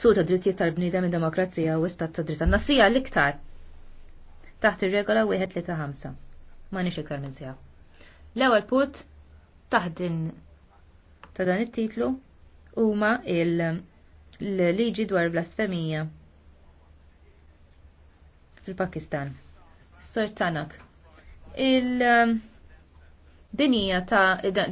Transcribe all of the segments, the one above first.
ksur ta' drittijiet tal-bniedem minn demokrazija u istat ta' dritta. Nassija l-iktar taħt ir-regola wieħed li ta' Ma nix iktar minn sija. L-ewwel put taħt din ta' dan it-titlu huma il-liġi dwar blasfemija fil-Pakistan. Sor Tanak. Il- dinija ta'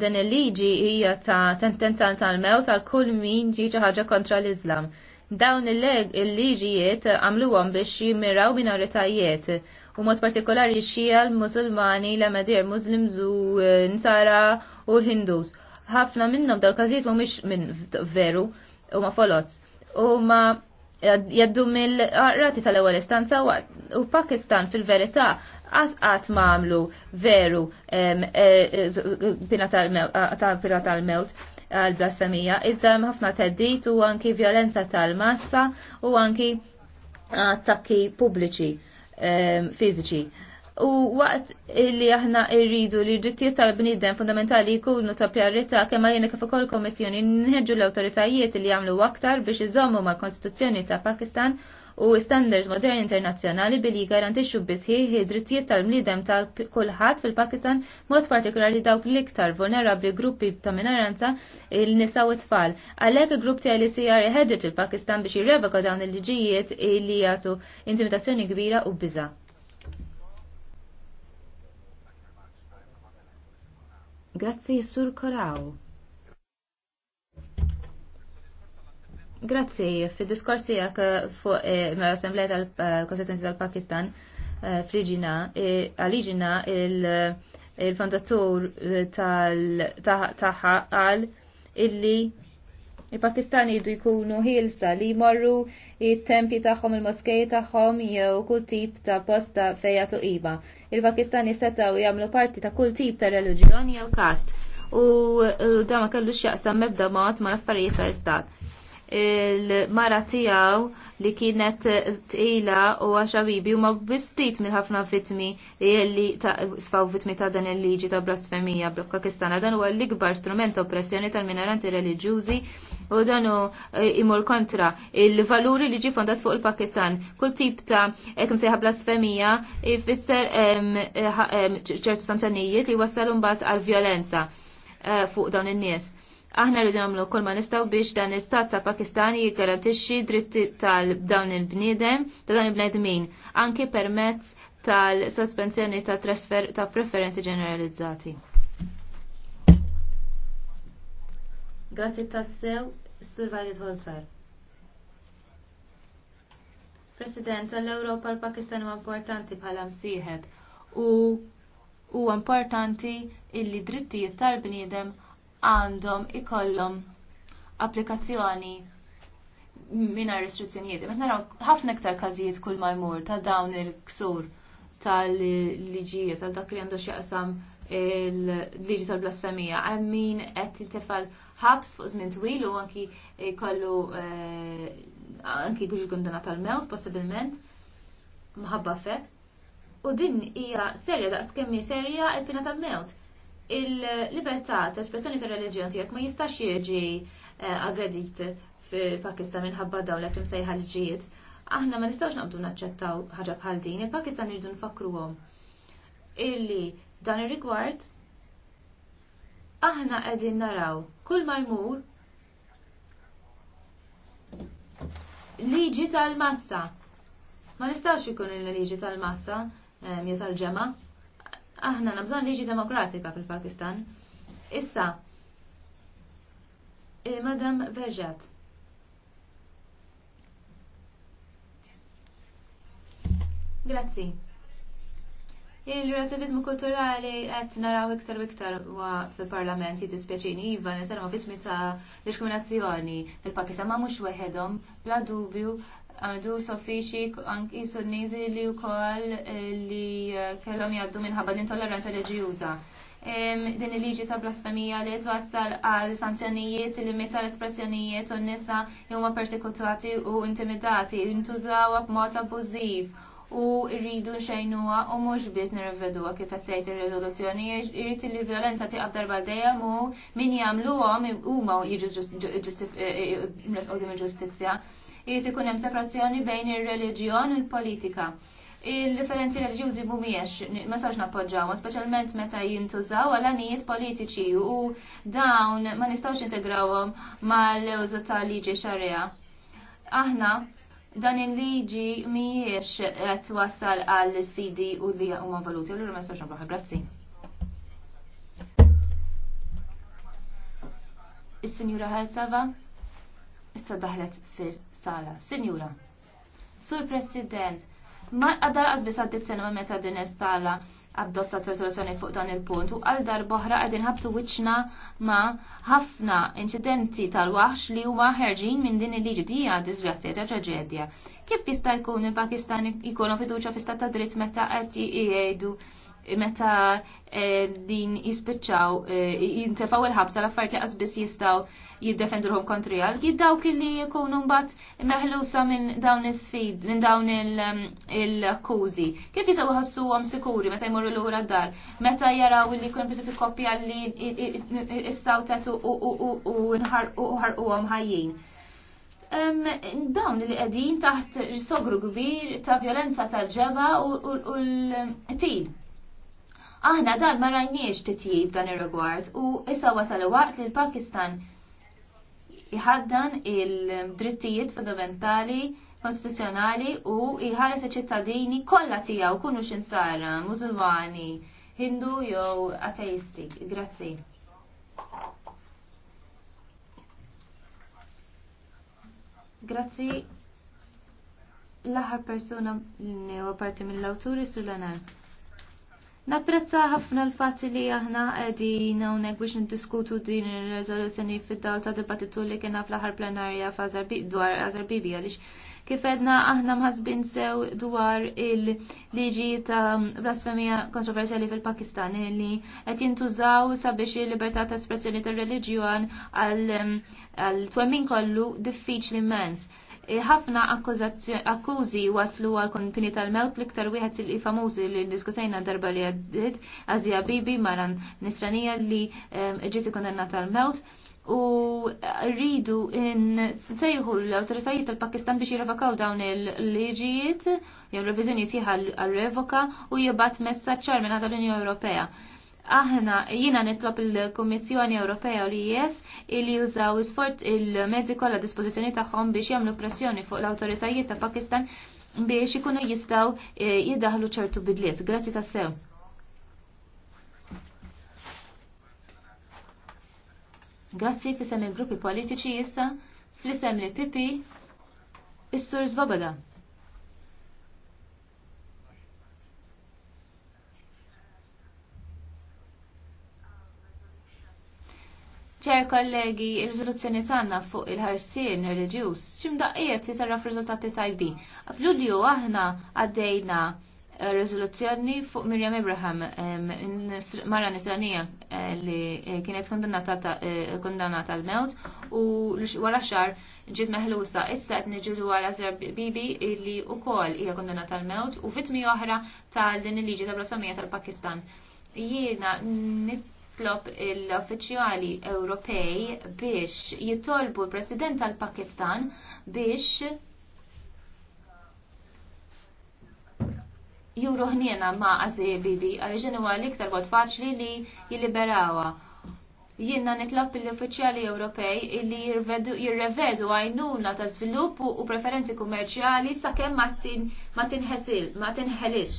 dan il-liġi hija ta' sentenza tal-mew tal-kull min ġiġa ħaġa kontra l-Islam dawn il-liġijiet għamluhom biex jimmiraw minoritajiet u mod partikolari xija l-Musulmani, l madir Muslims u eh, Nsara u l-Hindus. ħafna minnhom dal-każijiet mhumiex minn veru u ma folot. U ma jaddu mill-rati tal-ewwel istanza u Pakistan fil-verità għasqat ma għamlu veru eh, eh, pina tal-mewt għal-blasfemija, iżda hemm ħafna teddit u anki violenza tal-massa u anki attakki pubbliċi ehm, fiżiċi. U waqt li aħna irridu li ġittijiet tal-bnidem fundamentali jkunu ta' pjarrita kemm għalina kif ukoll kommissjoni nħeġġu l-awtoritajiet li jagħmlu aktar biex iżommu mal-Kostituzzjoni ta' Pakistan u standards moderni internazzjonali billi jgarantixxu bisħieħ id-drittijiet tal mlidem ta' kulħadd fil-Pakistan mod partikolari dawk l-iktar vulnerabbli gruppi ta' minoranza il-nisa u tfal. Għalhekk il-grupp tiegħi li CR ħeġġeġ il-Pakistan biex jirrevoka dawn il-liġijiet li jagħtu intimidazzjoni kbira u biża'. Grazzi Sur Koraw. Grazzi, fi diskors tijak eh, fuq l-Assemblea eh, tal-Kostituenti tal-Pakistan, eh, friġina, għaliġina il-fondatur tal- taħħa għal illi il-Pakistani jiddu jkunu ħilsa li morru il tempji tagħhom il-moskej tagħhom jew kull tip ta' posta fejja tuqiba. Il-Pakistani setaw jagħmlu parti ta' kull tip ta' reliġjoni jew kast u dama kellu kellux mebda mat ma' affarijiet ta' istat il-mara tijaw li kienet tqila u għaxabibi u ma bistit minn ħafna vitmi li sfaw vitmi ta' dan il-liġi ta' blasfemija kistana Dan huwa l-ikbar strument ta' oppressjoni tal-minoranzi reliġjużi u dan e, imur kontra il-valuri li ġi fondat fuq il-Pakistan. Kull tip ta' ekkum seħa blasfemija ifisser e, ċertu santanijiet li wassalu mbagħad għal-vjolenza e, fuq dawn in-nies Aħna rridu nagħmlu kull ma nistgħu biex dan l-istat ta' Pakistan jiggarantixxi dritti tal-dawn il-bniedem ta' dawn il-bnedmin anki permezz tal-sospensjoni ta' trasfer ta' preferenzi ġeneralizzati. Grazzi tassew, Sur Valid Holzar. President, l-Europa l-Pakistan huwa importanti bħala msieħeb u huwa importanti illi drittijiet tal-bniedem għandhom ikollhom applikazzjoni minna restrizzjonijiet. Meta naraw ħafna iktar każijiet kull ma jmur ta' dawn il-ksur tal-liġijiet tal dak li għandu x'jaqsam il-liġi tal-blasfemija. Għammin qed intifal ħabs fuq żmien twil u anki kollu eh, anki għuġi għundana tal-mewt possibilment mħabba fek. U din hija serja daqs kemm serja l-pina tal-mewt il-libertà ta' espressjoni ta' reliġjon tiegħek ma jistax jiġi eh, aggredit fil-Pakistan minħabba dawn l-ekrim sejħa l-ġijiet. Aħna ma nistgħux naqbdu naċċettaw ħaġa bħal din, il-Pakistan irridu nfakruhom illi dan ir-rigward aħna qegħdin naraw kull ma jmur liġi tal-massa. Ma nistax ikun il-liġi tal-massa eh, mieta tal ġemma Aħna nabżon liġi demokratika fil-Pakistan. Issa, eh, Madam Verġat. Grazzi. Il-relativizmu kulturali qed naraw iktar u iktar fil-parlament jiddispjaċini iva nisarma vittmi ta' diskriminazzjoni fil-Pakistan ma' mhux weħedom bla dubju għadu soffiċi anki sunnizi li u koll eh, li eh, kellom jaddu minħabba l-intolleranza reġjuża. Din il-liġi ta' blasfemija li twassal għal sanzjonijiet li meta l-espressjonijiet u nisa huma persekutati u intimidati, intużawa b'mod abbużiv u rridu xejnuha u mhux biss nirriveduha kif qed ir-riżoluzzjoni jrid li l-violenza tieqaf darba dejjem u min jagħmluhom huma jiġu eh, ġustizzja jrid ikun hemm separazzjoni bejn ir-reliġjon u l-politika. Il-differenzi reliġjużi mhumiex ma sarx nappoġġaw, speċjalment meta jintużaw għal anijiet politiċi u dawn ma nistgħux integrawhom mal-użu tal-liġi xarija. Aħna dan il-liġi mhijiex qed wassal għall sfidi u li huma valuti, allura ma nistgħux nabruħ. Grazzi. Is-Sinjura ħalsava issa daħlet fil sala. Sinjura, Sur President, ma għadal għazbis għaddit sena meta din sala adottat risoluzzjoni fuq dan il-punt u għal darboħra għadin ħabtu wiċna ma ħafna incidenti tal-waħx li huma ħerġin minn din il-liġi di disgrazzja ta' ċaġedja. Kif jista' jkun il-Pakistan jkunu fiduċa fi stat ta' dritt meta qed jgħidu meta eh, din jispiċċaw eh, jintefaw il-ħabsa l-affarijiet li jistaw jistgħu jiddefendulhom kontri għal dawk li jkunu mbagħad meħlusa minn dawn il sfid minn dawn mm, il-akkużi. Kif jistgħu għam sikuri meta jmorru lura d-dar, meta jaraw li jkun biżi għalli li tatu u għam ħajjin dawn li qegħdin taħt sogru kbir ta' violenza tal-ġeba u l-tin. Mm, Aħna dan ma rajniex titjib dan ir-rigward u issa wasal waqt li l-Pakistan jħaddan il-drittijiet fundamentali konstituzzjonali u jħares iċ-ċittadini kollha tiegħu kunu xinsara, Musulmani, Hindu jew ateisti. Grazzi. Grazzi l-aħħar persuna li huwa parti mill-awturi sur l Napprezza ħafna l-fatt li aħna qegħdin hawnhekk biex niddiskutu din ir reżoluzzjoni fid-dawl ta' dibattitu li kien fl-aħħar plenarja dwar Azerbibi għaliex kif edna aħna mħasbin sew dwar il-liġi ta' blasfemija kontroversjali fil-Pakistan li qed jintużaw sabiex il-libertà ta' espressjoni tar-reliġjon għal twemmin kollu diffiċli immens. E, ħafna akkużi waslu għal pini tal-mewt liktar wieħed li famużi li diskutajna darba li għaddit għazija Bibi maran nisranija li ġiet kondenna tal-mewt u rridu in sejħu l-autoritajiet tal-Pakistan biex jirrevokaw dawn il-liġijiet jew revizjoni sieħa għal-revoka u jibat messa ċar minn l-Unjoni Ewropea aħna jina nitlob il-Kommissjoni Ewropea u l-IES il jużaw isfort il-mezzi kollha dispozizjoni tagħhom biex jagħmlu pressjoni fuq l-awtoritajiet ta' Pakistan biex ikunu jistaw eh, jiddaħlu ċertu bidliet. Grazzi tas-sew. Grazzi fissem il-gruppi politiċi jissa, fl-isem li pipi, is-sur Zvoboda. Ċer kollegi, il-rizoluzzjoni tagħna fuq il-ħarsien daqqiet si jisarraf riżultati tajbin. F'Lulju aħna għaddejna eh, rizoluzzjoni fuq Miriam Ibrahim, mara nisranija eh, li eh, kienet kondannata tal mewt u wara xar ġiet meħlusa issa qed niġu għal Azra Bibi li wkoll hija kondannata tal mewt u vitmi oħra tal din il-liġi tal-blasfemija tal-Pakistan. Jiena tlob l-uffiċjali Ewropej biex jitolbu l-President tal-Pakistan biex juru ħniena ma' Azebibi għal-ġenu għalik iktar bot faċli li jiliberawa jienna nitlob l-uffiċjali Ewropej li jirrevedu għajnuna ta' sviluppu u preferenzi kummerċjali sakemm ma tinħesil, ma tinħelix.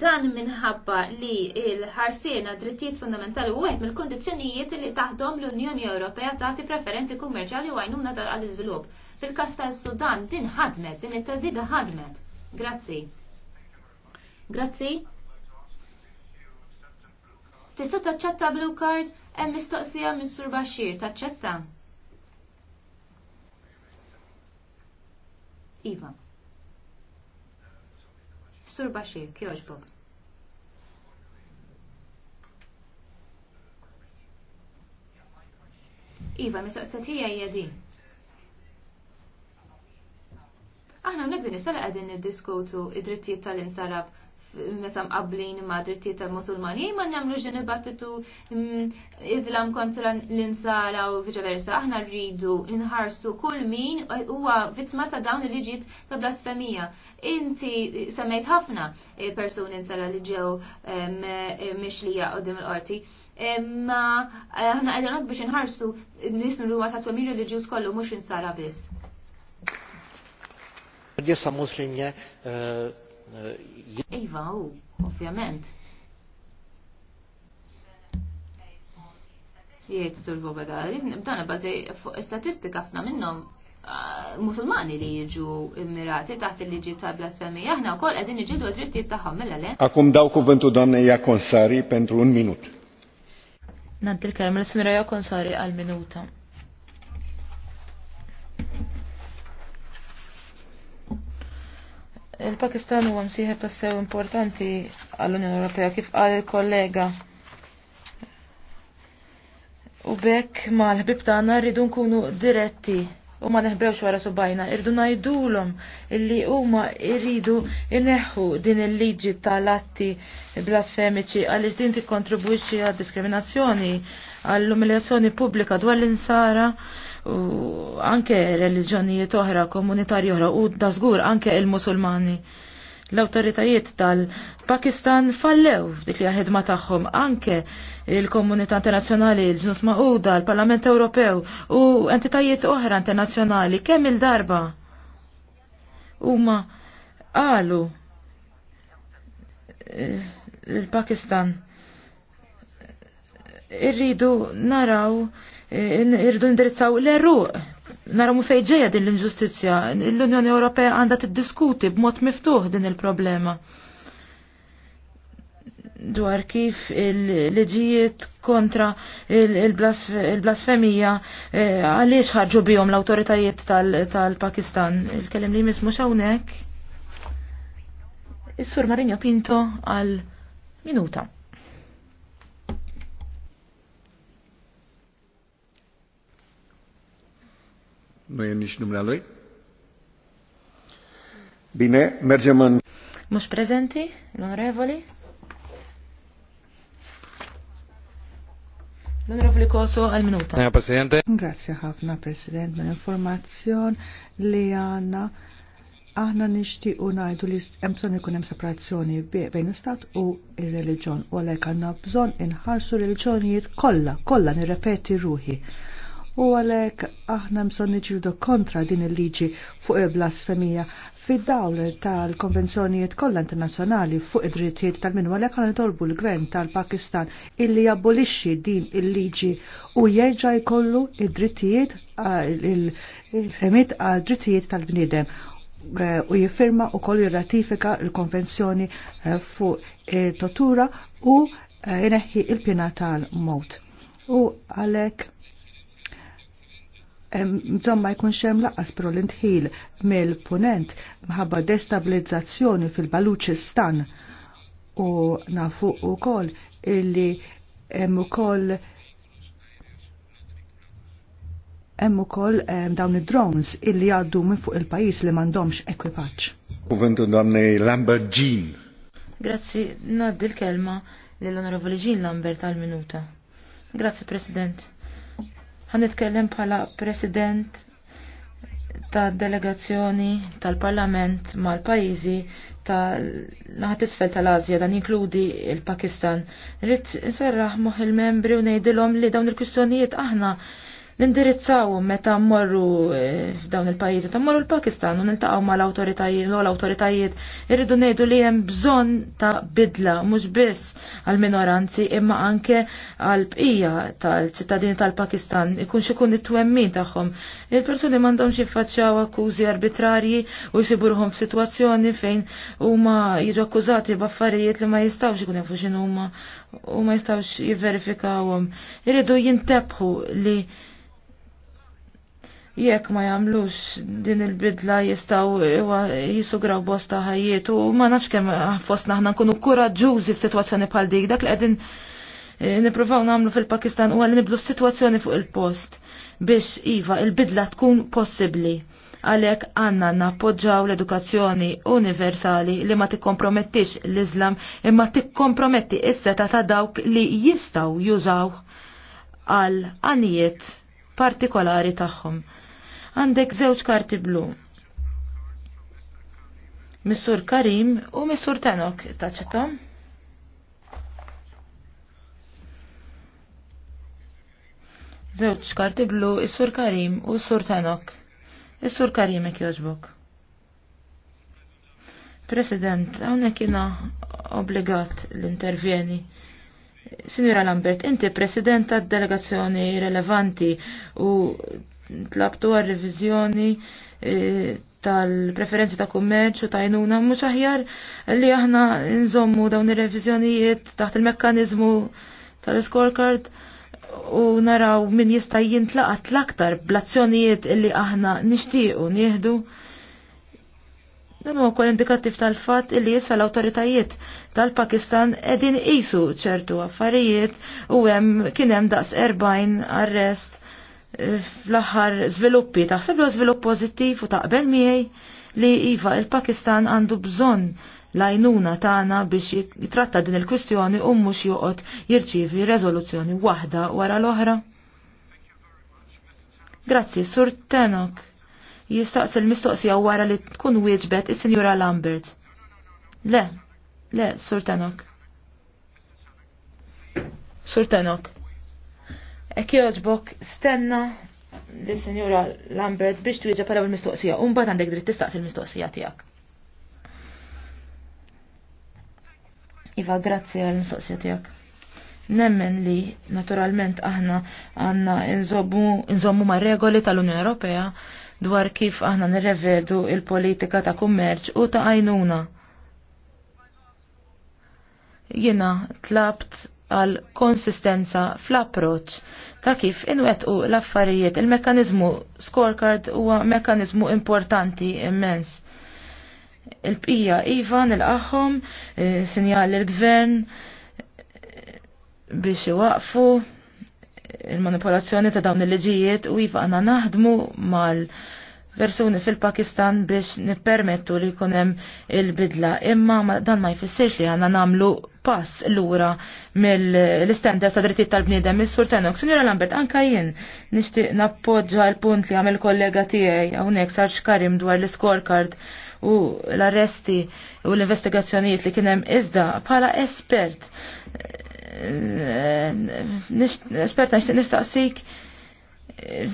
Dan minħabba li l-ħarsiena drittijiet fundamentali u għed mill-kondizjonijiet li taħdom l-Unjoni Ewropea taħti preferenzi kummerċali u għajnuna għal-izvilup. Fil-kas tal-Sudan din ħadmet, din it-tadida ħadmet. Grazzi. Grazzi. Tista' taċċetta blue card hemm mistoqsija minn Sur Bashir, taċċetta? Iva. Sur Bashir, kjoġbok. Iva, mis-saqsatija jgħadin. Aħna mnek nisala għadin id-diskutu niddiskutu id-drittijiet tal-insarab meta mqablin ma' drittijiet tal-Musulmani ma nagħmlu ġen battitu mm, iżlam kontra l-insara u viċa versa, Aħna rridu nħarsu kull min huwa vittma ta' dawn il liġiet ta' blasfemija. Inti semmejt ħafna eh, persuni insara li ġew eh, mixlija qudiem il-qorti. Ma eh, aħna qegħdin biex inħarsu nisnu ruwa ta' twemmin reliġjuż kollu mhux insara biss. Għadjessa muslimje Iva, u, ovvjament. Jiet sur bobeda, dana bazi fuq statistika fna minnom ah, musulmani li jiġu immirati taħt il-liġi ta' blasfemi aħna wkoll qegħdin niġidu drittijiet tagħhom mill-għalem. Akum daw kuventu dan ja konsari pentru un minut. Nantil il l-sunra ja konsari għal minuta. Il-Pakistan huwa msieħeb tassew importanti għall-Unjoni Ewropea kif qal il-kollega. U bekk mal-ħbib tagħna rridu nkunu diretti u ma neħbrewx wara subajna, irdu najdulhom illi huma irridu ineħħu din il-liġi tal-atti blasfemiċi għaliex din tikkontribwixxi għad diskriminazzjoni għall-umiljazzjoni pubblika dwar l-insara u anke reliġjonijiet oħra, komunitarji oħra u dażgur anke il-Musulmani. L-autoritajiet tal-Pakistan fallew f'dik li ħedma tagħhom anke il-komunità internazzjonali, l-ġnus maquda, l-Parlament Ewropew u entitajiet oħra internazzjonali kemm il-darba huma qalu eh, il-Pakistan irridu naraw eh, irridu indirizzaw l-eruq naramu fejġeja din l-inġustizja. L-Unjoni Ewropea għandha tiddiskuti b'mod miftuħ din il-problema. Dwar kif il-leġijiet kontra il-blasfemija eh, għaliex ħarġu bihom l-autoritajiet tal-Pakistan. Il-kellim li mismu xawnek. Is-sur Marinja Pinto għal minuta. Nu e nici Bine, mergem în... Mux prezenti, l-onorevoli? L-onorevoli Koso, għal minuta. Ja, Presidente. Grazie ħafna, President, minn informazzjon li għanna aħna nishti u ngħidu li jemson bżonn ikun hemm separazzjoni bejn istat u r-reliġjon u għalhekk għandna bżonn inħarsu reliġjonijiet kollha, kollha nirrepeti ruħi u għalek aħna mson niġildu kontra din il-liġi fuq il-blasfemija fid-dawl tal-konvenzjonijiet kollha internazzjonali fuq id-drittijiet tal-minu għalek għan nitolbu l-gvern tal-Pakistan illi jabolixxi din il-liġi u jerġa' jkollu id-drittijiet eh, il-femit għal drittijiet tal-bniedem eh, u jiffirma u koll jirratifika il-konvenzjoni eh, fuq tortura u ineħħi il-pjena tal-mot. U għalek Mżomma jkun jkunx hemm laqas pro l-intħil mill-punent mħabba destabilizzazzjoni fil stan u nafu kol illi hemm ukoll hemm ukoll dawn id-drones illi għaddu minn fuq il-pajjiż li m'għandhomx ekwipaġġ. Kuventu domni Lambert Jean. Grazzi, naddi l-kelma lill-Onorevoli Jean Lambert għal-minuta. Grazzi, President. Ħanitkellem bħala president ta' delegazzjoni tal-Parlament mal-pajizi ta' naħat isfel tal-Azja dan jinkludi il-Pakistan. Rrit nserraħ moħ il-membri u nejdilom li dawn il-kustjonijiet aħna nindirizzawhom meta mmorru eh, f'dawn il-pajjiżi, ta' morru l-Pakistan u niltaqgħu mal-awtoritajiet u l-awtoritajiet irridu ngħidu li hemm bżonn ta' bidla mhux biss għall-minoranzi imma anke għall-bqija tal-ċittadini tal-Pakistan ikun xikun it-twemmin tagħhom. Il-persuni m'għandhomx jiffaċċjaw akkużi arbitrarji u jsiburhom f'sitwazzjoni fejn huma jiġu akkużati b'affarijiet li ma jistgħux ikun jafu x'inhuma u ma jistgħux jivverifikawhom. Irridu jintebħu li jekk ma jagħmlux din il-bidla jistgħu jisugraw bosta ħajjiet u ma nafx kemm fost aħna nkunu f f'sitwazzjoni bħal dik dak li qegħdin eh, nippruvaw nagħmlu fil-Pakistan u għalli niblu s-sitwazzjoni fuq il-post biex iva il-bidla tkun possibbli għalek għanna nappoġġaw l-edukazzjoni universali li ma tikkompromettix l-Islam imma tikkomprometti is-seta ta' dawk li jistaw jużaw għal għanijiet partikolari tagħhom. Għandek żewġ karti blu. Missur Karim u Missur Tanok taċetom. Żewġ karti blu, is-Sur Karim u s-Sur Tanok. Is-Sur Karim ek joġbok. President, hawnhekk kina obbligat l-intervjeni. Sinjura Lambert, inti president tad-delegazzjoni relevanti u tlabtu għal revizjoni eh, tal-preferenzi ta' kummerċ u tajnuna mhux aħjar li aħna nżommu dawn ir-reviżjonijiet taħt il-mekkaniżmu tal-scorecard u naraw min jista' jintlaqat l-aktar blazzjonijiet illi aħna nixtiequ nieħdu. Dan huwa wkoll indikattiv tal-fatt illi issa l-awtoritajiet tal-Pakistan qegħdin qisu ċertu affarijiet u hemm kien hemm daqs 40 arrest fl-aħħar żviluppi taħseb lo żvilupp pożittiv u taqbel miħej li iva il-Pakistan għandu bżonn lajnuna tagħna biex jitratta din il-kwistjoni u mhux joqgħod jirċievi reżoluzzjoni waħda wara l-oħra. Grazzi, Sur Tenok. Jistaqsi l-mistoqsija wara li tkun wieġbet is signora Lambert. Le, le, Sur Tenok. Sur Tenok. Ek joġbok stenna li senjura Lambert biex twieġa pala bil-mistoqsija. Umbat għandek dritt tistaqsi l-mistoqsija tijak. Iva, grazzi għal-mistoqsija tijak nemmen li naturalment aħna għanna nżommu ma' regoli tal-Unjoni Ewropea dwar kif aħna nirrevedu il-politika ta' kummerċ u ta' għajnuna. Jena tlabt għal konsistenza fl-approċ ta' kif inwetqu l-affarijiet. Il-mekanizmu scorecard huwa mekanizmu importanti immens. Il-bqija iva il qaħħom eh, sinjal il-gvern eh, biex iwaqfu il-manipolazzjoni ta' dawn il-liġijiet u iva għana naħdmu mal- persuni fil-Pakistan biex nippermettu li kunem il-bidla. Imma dan ma jfissirx li għanna namlu pass l-ura mill-istenders ta' drittijiet tal-bniedem mis-sur tenok. Signora Lambert, anka jien nixtieq nappoġġa l-punt li għamil kollega tiegħi hawnhekk sar xkarim dwar l iskorkard u l-arresti u l-investigazzjonijiet li kienem iżda bħala espert. Eh, espert nixtieq nistaqsik eh,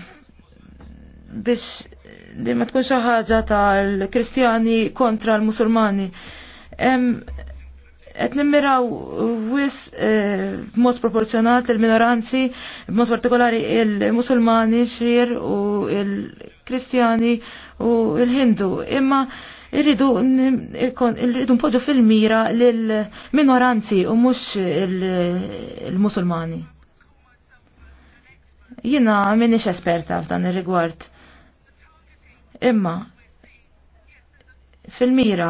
biex li ma tkun xi ħaġa tal-Kristjani kontra l-Musulmani. Qed nimmiraw wis e, b'mod proporzjonat il-minoranzi, b'mod partikolari il-Musulmani, xir u il-Kristjani u il-Hindu. Imma irridu irridu fil-mira lill-minoranzi u mhux il-Musulmani. Jina minix esperta f'dan ir-rigward. Imma fil-mira,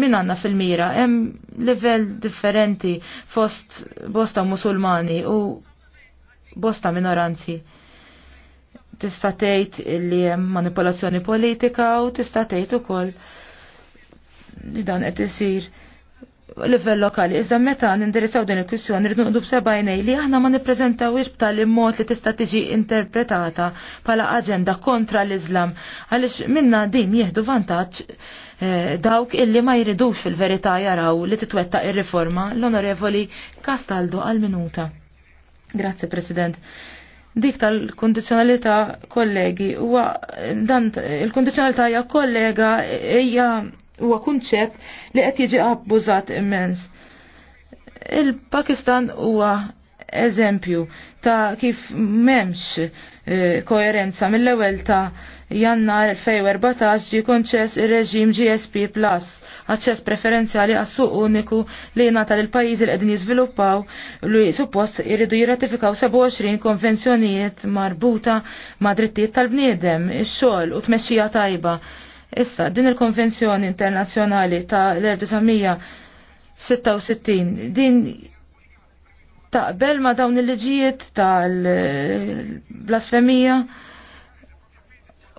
min għanna fil-mira, hemm livell differenti fost bosta musulmani u bosta minoranzi tista' tgħid li hemm manipolazzjoni politika u tista' tgħid ukoll li dan qed isir livell lokali. Iżda meta nindirizzaw din il-kwissjoni rridu nqdu b'sebajnej li aħna ma nippreżentawx b'tali mod li tista' tiġi interpretata bħala aġenda kontra l-Iżlam għaliex minna din jieħdu vantaġġ eh, dawk illi ma jridux fil-verità jaraw li titwettaq ir-riforma l-Onorevoli Castaldo għal-minuta. Grazzi, President dik tal-kondizjonalità kollegi huwa dan il-kondizjonalità hija kollega hija huwa kunċett li qed jiġi abbużat immens. Il-Pakistan huwa eżempju ta' kif memx e, eh, koerenza mill ewwel ta' jannar 2014 ġi konċess il-reġim GSP Plus, aċċess preferenzjali għas-suq uniku li jnata l pajjiżi li qegħdin jiżviluppaw li suppost jridu jirratifikaw 27 konvenzjonijiet marbuta ma' drittijiet tal-bniedem, ix-xogħol u tmexxija tajba Issa, din il-Konvenzjoni Internazzjonali ta' l-1966, din taqbel ma' dawn il-liġijiet tal-blasfemija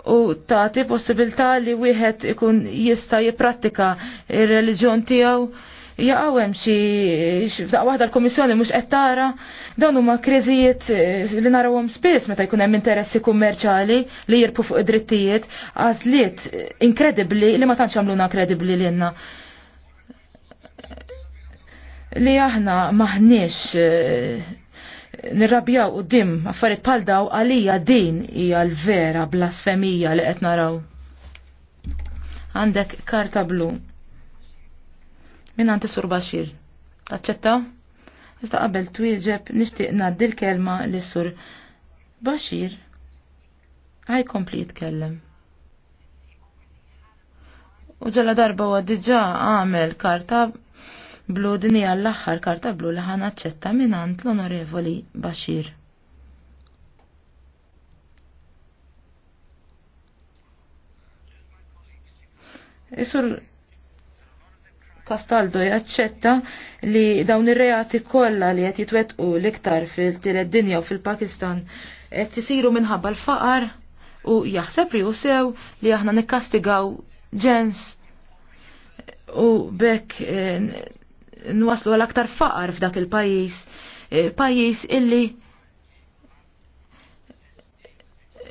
u ta' ti possibilità li wieħed ikun jista' jipprattika ir-reliġjon tiegħu jaqgħu hemm xi f'daqqa waħda l-Kummissjoni mhux qed tara dawn huma kriżijiet eh, li narawhom spiss meta jkun hemm interessi kummerċali li jirpu fuq id-drittijiet għażliet inkredibbli li ma tantx għamluna li lilna li aħna maħniex eh, nirrabjaw u dim affarit pal daw għalija din hija l-vera blasfemija li qed naraw. Għandek karta blu minn għanti sur Bashir. Taċċetta? Iżda qabel twieġeb nixtieq ngħaddi l-kelma li sur Bashir Għaj komplit jitkellem. U ġella darba u diġà għamel karta blu dini għall-aħħar karta blu li ħana ċetta minant l-onorevoli Bashir. Isur Castaldo jaċċetta li dawn ir-reati kollha li qed jitwettqu l-iktar fil-tielet dinja u fil-Pakistan qed isiru minħabba l-faqar u jaħseb li sew li aħna nikkastigaw ġens u bekk eh, nwaslu għal aktar faqar f'dak il-pajjiż, eh, pajjiż illi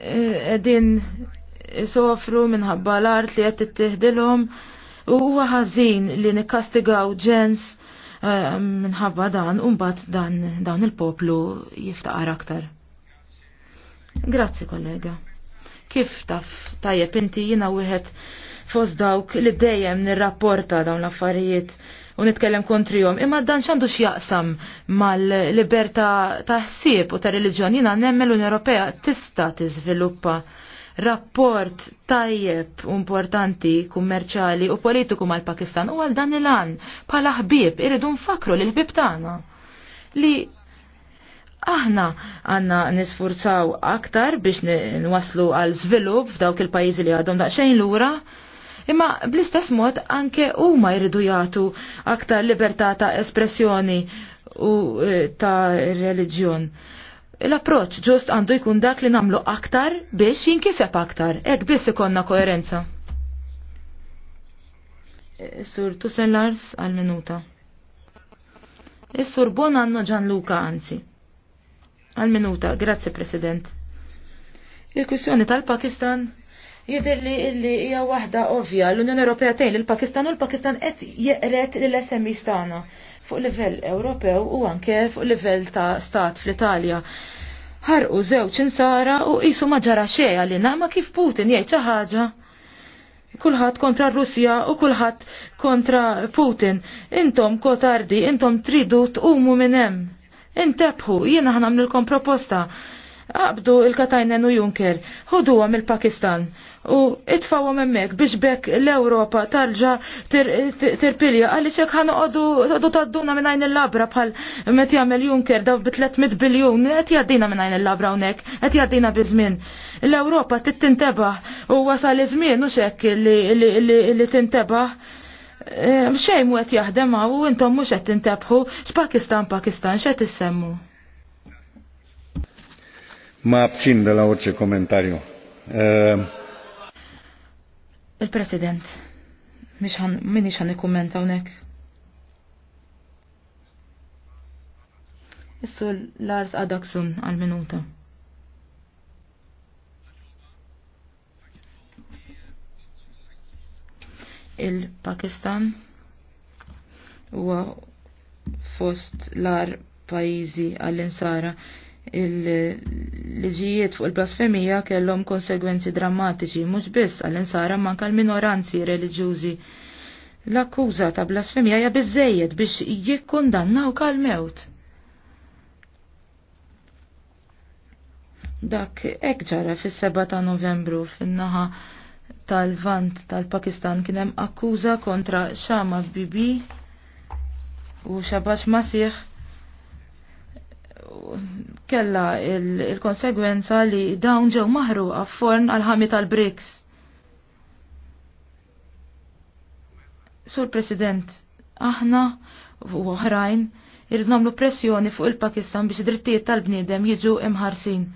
eh, qegħdin sofru minħabba l-art li qed tittieħdilhom Huwa ħażin li nikkastigaw ġens eh, minħabba dan u mbagħad dan dawn il-poplu jiftaqar aktar. Grazzi kollega. Kif taf tajjeb inti jina wieħed fost dawk li dejjem nirrapporta dawn l-affarijiet u nitkellem kontrihom, imma dan xandu x'jaqsam mal-libertà ta' ħsieb u ta' reliġjon jina nemmel l-Unjoni Ewropea tista' tiżviluppa rapport tajjeb importanti kummerċali u politiku mal-Pakistan u għal dan il-għan bħala ħbib irridu nfakru l ħbib tagħna li aħna għanna nisfurzaw aktar biex nwaslu għal żvilupp f'dawk il-pajjiżi li għadhom daqsxejn lura imma bl-istess mod anke huma jridu jagħtu aktar libertà ta' espressjoni u eh, ta' reliġjon. L-approċ ġust għandu jkun dak li namlu aktar biex jinkiseb aktar, ek biss ikonna koerenza. Sur Tusen Lars għal-minuta. Is-sur Bon għanno Gianluca anzi. Għal-minuta, grazie President. Il-kwissjoni tal-Pakistan Jidir li illi hija waħda ovvja l-Unjoni Ewropea tgħin lil pakistan u l-Pakistan qed jeqret l-SMI stana fuq livell Ewropew u anke fuq livell ta' stat fl-Italja. Ħarqu żewġ insara u qisu ma ġara xejja li naqma kif Putin jgħid xi ħaġa kulħadd kontra Russja u kulħadd kontra Putin. Intom kotardi, intom tridu tqumu minn hemm. Intebħu, jiena ħanamlilkom proposta għabdu il-Katajnen u Junker ħuduhom il-Pakistan u itfawhom hemmhekk biex bekk l-Ewropa tarġa tirpilja għaliex hekk ħanoqogħdu tadduna mingħajn il-labra bħal meta jagħmel junker daw bi 300 biljun qed jgħaddina mingħajn il-labra hawnhekk, qed jaddina bizmin L-Ewropa tittintebaħ u wasal iż-żmien u xek li tintebaħ xejn mu qed jahdema u intom mhux qed tintebħu x'Pakistan Pakistan x'qed issemmu. Ma abțin de la e, Il-President, min ixan ikkumenta unek? Issu Lars Adaksun għal-minuta. Il-Pakistan huwa fost l-ar pajizi għall-insara il-liġijiet fuq il-blasfemija kellhom konsegwenzi drammatiċi mhux biss għal insara manka l-minoranzi reliġjużi. L-akkuża ta' blasfemija hija biżejjed biex jikkundannaw kal-mewt. Dak hekk ġara fis-7 ta' Novembru fin-naħa tal-Vant tal-Pakistan kien hemm akkuża kontra Xama Bibi u Xabax Masih kella il-konsegwenza il li dawn ġew maħru għaffon għal-ħami tal briks Sur President, aħna u oħrajn irrid nagħmlu pressjoni fuq il-Pakistan biex drittijiet tal-bniedem jiġu imħarsin.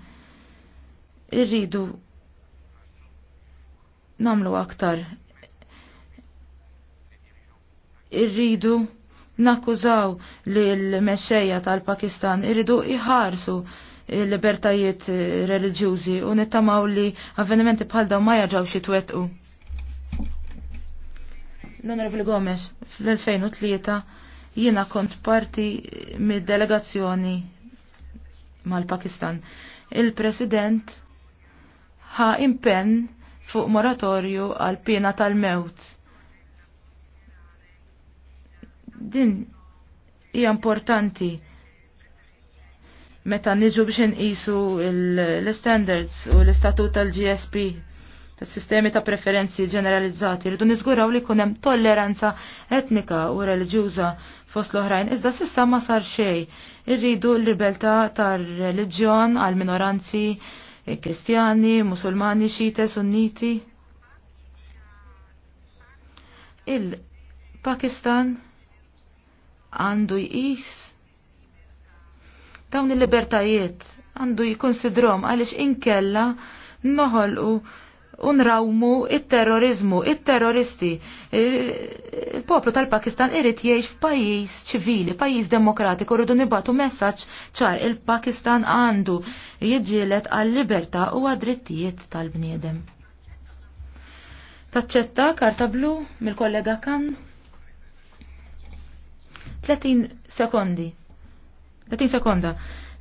Irridu nagħmlu aktar. Irridu nakkużaw li l-mexxejja tal-Pakistan iridu iħarsu libertajiet reliġjużi u nittamaw li avvenimenti bħal dawn ma xi twettqu. L-Onorevoli Gomes, fl-2003 jiena kont parti mid-delegazzjoni mal-Pakistan. Il-President ħa impenn fuq moratorju għal pina tal-mewt Din hija importanti meta niġu biex nqisu l-standards u l-istatut tal-GSP tas-sistemi ta' preferenzi ġeneralizzati rridu niżguraw li jkun hemm tolleranza etnika u reliġjuża fost l-oħrajn iżda s'issa ma sar xejn. Irridu l-libertà tar-reliġjon għal minoranzi kristjani, musulmani, xite, sunniti. Il-Pakistan għandu jqis dawn il-libertajiet għandu jikonsidrom għaliex inkella noħolqu unrawmu il-terrorizmu, il-terroristi. Il-poplu tal-Pakistan irrit jiex f'pajjiż ċivili, pajjiż demokratiku, rridu nibatu messaġġ ċar il-Pakistan għandu jidġilet għal libertà u għad-drittijiet tal-bniedem. Taċċetta karta blu mill-kollega Kan. 30 sekondi. 30 sekonda.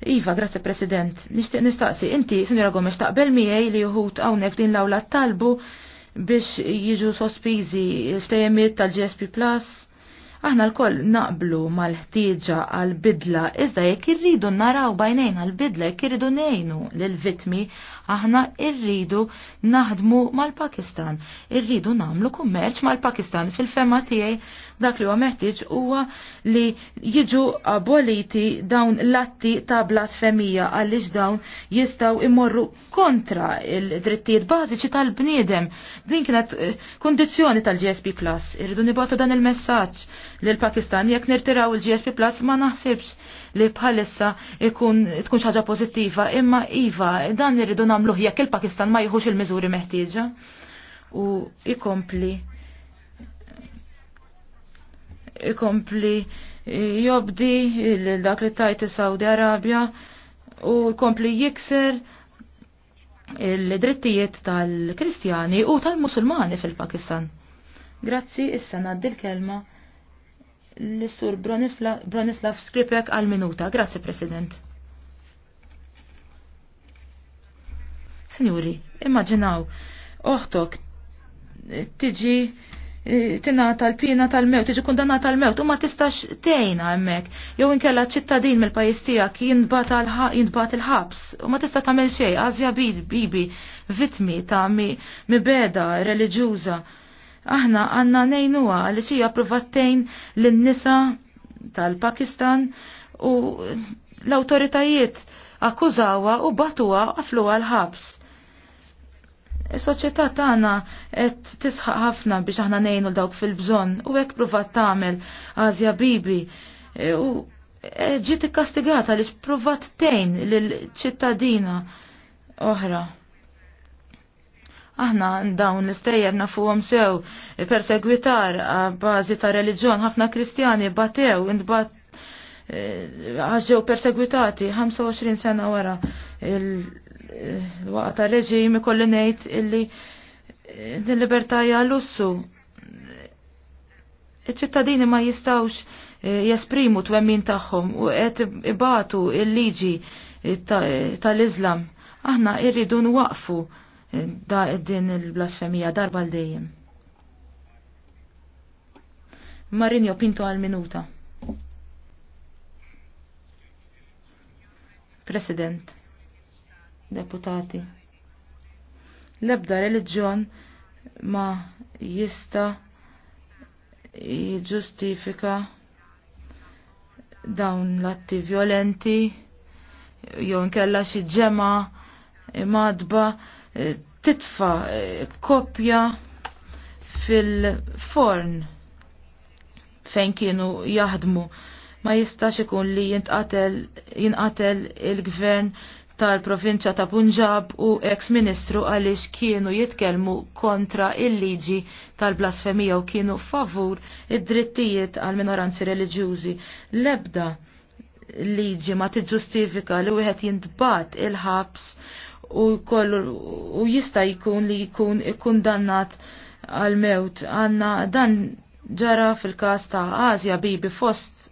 Iva, grazzi President. Nishtiq nistaqsi, inti, signora Gomes, taqbel miegħi li juhut hawnhekk din l talbu biex jiġu sospiżi l-ftejemiet tal-GSP Plus. Aħna l-koll naqblu mal-ħtieġa għal-bidla, iżda jekk irridu naraw bajnejn għal-bidla, jekk irridu nejnu l-vitmi, Aħna irridu naħdmu mal-Pakistan, irridu namlu kummerċ mal-Pakistan fil-fema tiegħi dak li huwa meħtieġ huwa li jiġu aboliti dawn l-atti ta' blasfemija għaliex dawn jistgħu imorru kontra il-drittijiet bażiċi tal-bniedem. Din kienet eh, kondizjoni tal-GSP Plus. Irridu nibatu dan il-messaġġ l Pakistan jekk nirtiraw il-GSP Plus ma naħsibx li bħalissa tkun ħaġa pożittiva imma iva dan irridu namluħ jekk il-Pakistan ma jieħux il-miżuri meħtieġa u ikompli ikompli jobdi dak li tajt Saudi Arabia u ikompli jikser il-drittijiet tal-Kristjani u tal-Musulmani fil-Pakistan. Grazzi, issa naddi l-kelma l-sur Bronislav Skripek għal-minuta. Grazzi, President. Sinjuri, immaġinaw, oħtok tiġi eh, tina l-pina tal-mewt, tiġi kundana tal-mewt, u ma tistax tejna emmek, jew inkella ċittadin mill-pajis tijak jindbat il-ħabs, u ma tista tamel xej, għazja bibi, vitmi ta' mi, mi beda religjuza. Aħna għanna nejnuwa li xija provattejn l-nisa tal-Pakistan u l-autoritajiet akkużawa u batuwa għafluwa l-ħabs Is-soċjetà tagħna qed tisħaq ħafna biex aħna ngħinu dawk fil-bżonn u hekk pruvat tagħmel Asja Bibi e, u e, ġiet ikkastigata li pruvat tejn lil ċittadina oħra. Aħna dawn l-istejjer nafuhom sew persegwitar bażi ta' reliġjon ħafna Kristjani batew intbat e, ħaġġew persegwitati 25 sena wara l-waqa ta' reġim ikolli ngħid illi eh, din libertà hija lussu. Iċ-ċittadini ma jistawx eh, jesprimu twemmin tagħhom u qed ibatu il-liġi tal-Iżlam. Aħna irridu nwaqfu eh, da din il-blasfemija darba l dejjem Marinjo Pinto għal minuta. President deputati. L-ebda reliġjon ma jista jġustifika dawn l-atti violenti jew nkella xi ġema madba titfa koppja fil-forn fejn kienu jaħdmu ma jistax ikun li jinqatel il-gvern tal-provinċja ta' Punjab u ex-ministru għaliex kienu jitkellmu kontra il-liġi tal-blasfemija u kienu favur id-drittijiet għal minoranzi reliġjużi. Lebda liġi ma tiġġustifika li wieħed jintbat il-ħabs u kollu u jista' jkun li jkun ikkundannat għal mewt għanna dan ġara fil-każ ta' Asja Bibi fost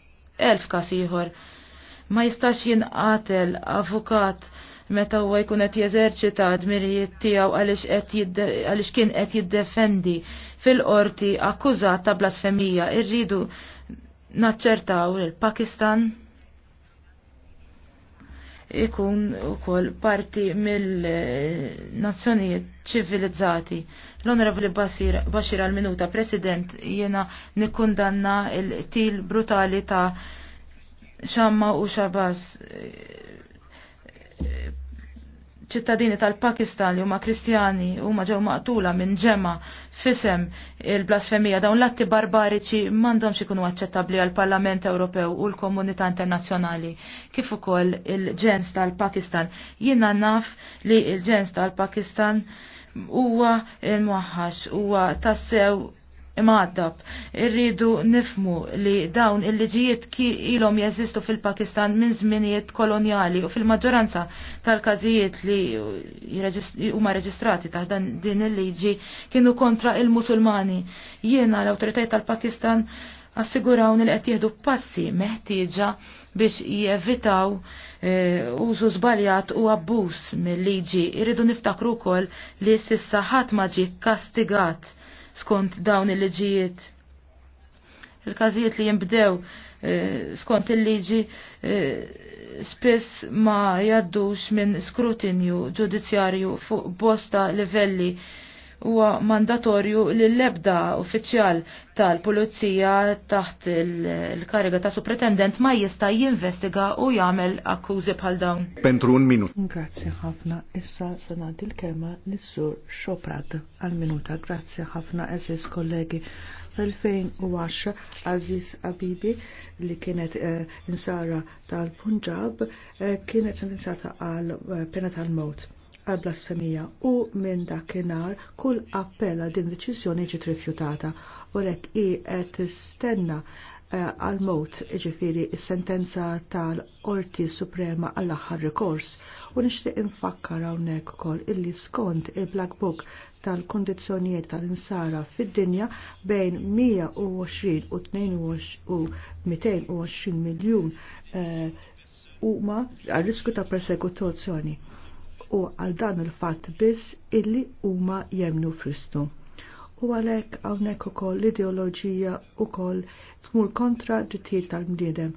elf każ ieħor Ma jistax jinqatel avukat meta huwa jkun qed jeżerċita dmirijiet tiegħu għaliex kien qed jiddefendi fil-qorti akkużat ta' blasfemija. Irridu naċċertaw il-Pakistan ikun ukoll parti mill-nazzjonijiet ċivilizzati. L-Onorevoli Bashir għal-minuta, President, jiena nikkundanna il-til brutali ta' xamma u xabas ċittadini tal-Pakistan li huma kristjani huma ġew maqtula minn ġemma fisem il-blasfemija dawn l-atti barbariċi m'għandhomx ikunu aċċettabbli għall-Parlament Ewropew u l-Komunità Internazzjonali kif ukoll il-ġens tal-Pakistan. Jiena naf li il-ġens tal-Pakistan huwa il-muħħax huwa tassew imgħaddab. Irridu nifmu li dawn il-liġijiet ki ilhom jeżistu fil-Pakistan minn żminijiet koloniali u fil-maġġoranza tal-każijiet li huma reġistrati taħt din il-liġi kienu kontra il-Musulmani. Jiena l-awtoritajiet tal-Pakistan assigurawni li qed jieħdu passi meħtieġa biex jevitaw eh, użu żbaljat u abbuż mill-liġi. Irridu niftakru wkoll li sissa ħadd ma ġie kastigat skont dawn il-liġijiet. Il-każijiet li jimbdew eh, skont il-liġi eh, spiss ma jaddux minn skrutinju ġudizzjarju fuq bosta livelli huwa mandatorju lill-ebda uffiċjal tal-Pulizija taħt il-kariga ta' supretendent ma jista' jinvestiga u jagħmel akkużi bħal dawn. Pentru un minut. Grazzi ħafna. Issa se ngħaddi l-kelma lis-sur Xoprad għal-minuta. Grazzi ħafna eżis kollegi. 2010 Aziz Abibi li kienet eh, insara tal-Punjab eh, kienet sentenzata għal eh, pena tal-mot għal blasfemija u minn dakinhar kull appella din deċiżjoni ġiet rifjutata u rek i qed tistenna eh, għal mot ġifiri sentenza tal-Qorti Suprema għall aħħar rikors u nixtieq infakkar hawnhekk ukoll illi skont il-Black Book tal kondizjoniet tal-insara fid-dinja bejn 120 u 220 miljun eh, huma għal risku ta' persekutazzjoni u għal dan il-fatt biss illi huma jemnu fristu. U għalhekk hawnhekk ukoll l-ideoloġija koll tmur kontra dittil tal-mdiedem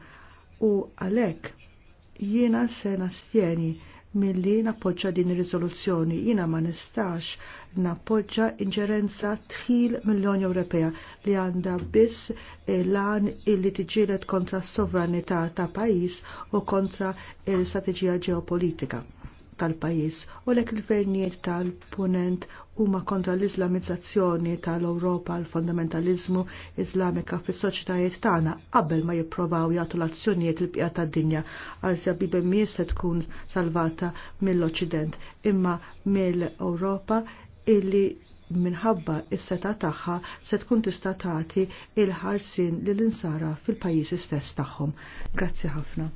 u għalhekk jiena se mill milli nappoġġa din ir-riżoluzzjoni jiena ma nistax nappoġġa inġerenza tħil mill-Unjoni Ewropea li għandha biss lan illi tiġielet kontra s-sovranità ta' pajjiż u kontra l-istrateġija ġeopolitika tal-pajis u lek il-gvernijiet tal-punent huma kontra l-Islamizzazzjoni tal-Ewropa l fondamentalizmu Islamika fis soċitajiet tagħna qabel ma jipprovaw jagħtu l-azzjonijiet il-bqija tad-dinja għal sabibe mies se tkun salvata mill-Oċident imma mill-Ewropa illi minħabba is-seta tagħha se tkun tista' tagħti il-ħarsin l insara fil-pajjiżi stess tagħhom. Grazzi ħafna.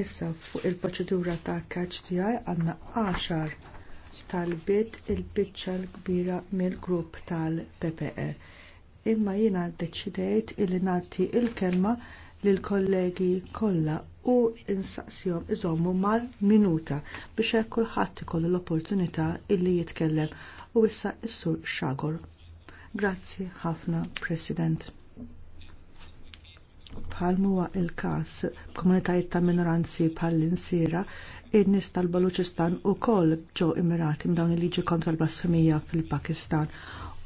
Issa fuq il-proċedura ta' catch DI għanna 10 tal-bit il-bicċa l-kbira mill-grupp tal-PPE. Imma jina deċidejt illi nati il-kelma lill-kollegi kollha u insaqsijom iżommu mal-minuta biex hekk kulħadd ikollu l-opportunità illi jitkellem u issa issur xagur. Grazzi ħafna, President bħal muwa il-kas komunitajiet ta' minoranzi bħal l-insira id-nis tal-Baluċistan u kol ġo immirati m'dawn il-liġi kontra l-blasfemija fil-Pakistan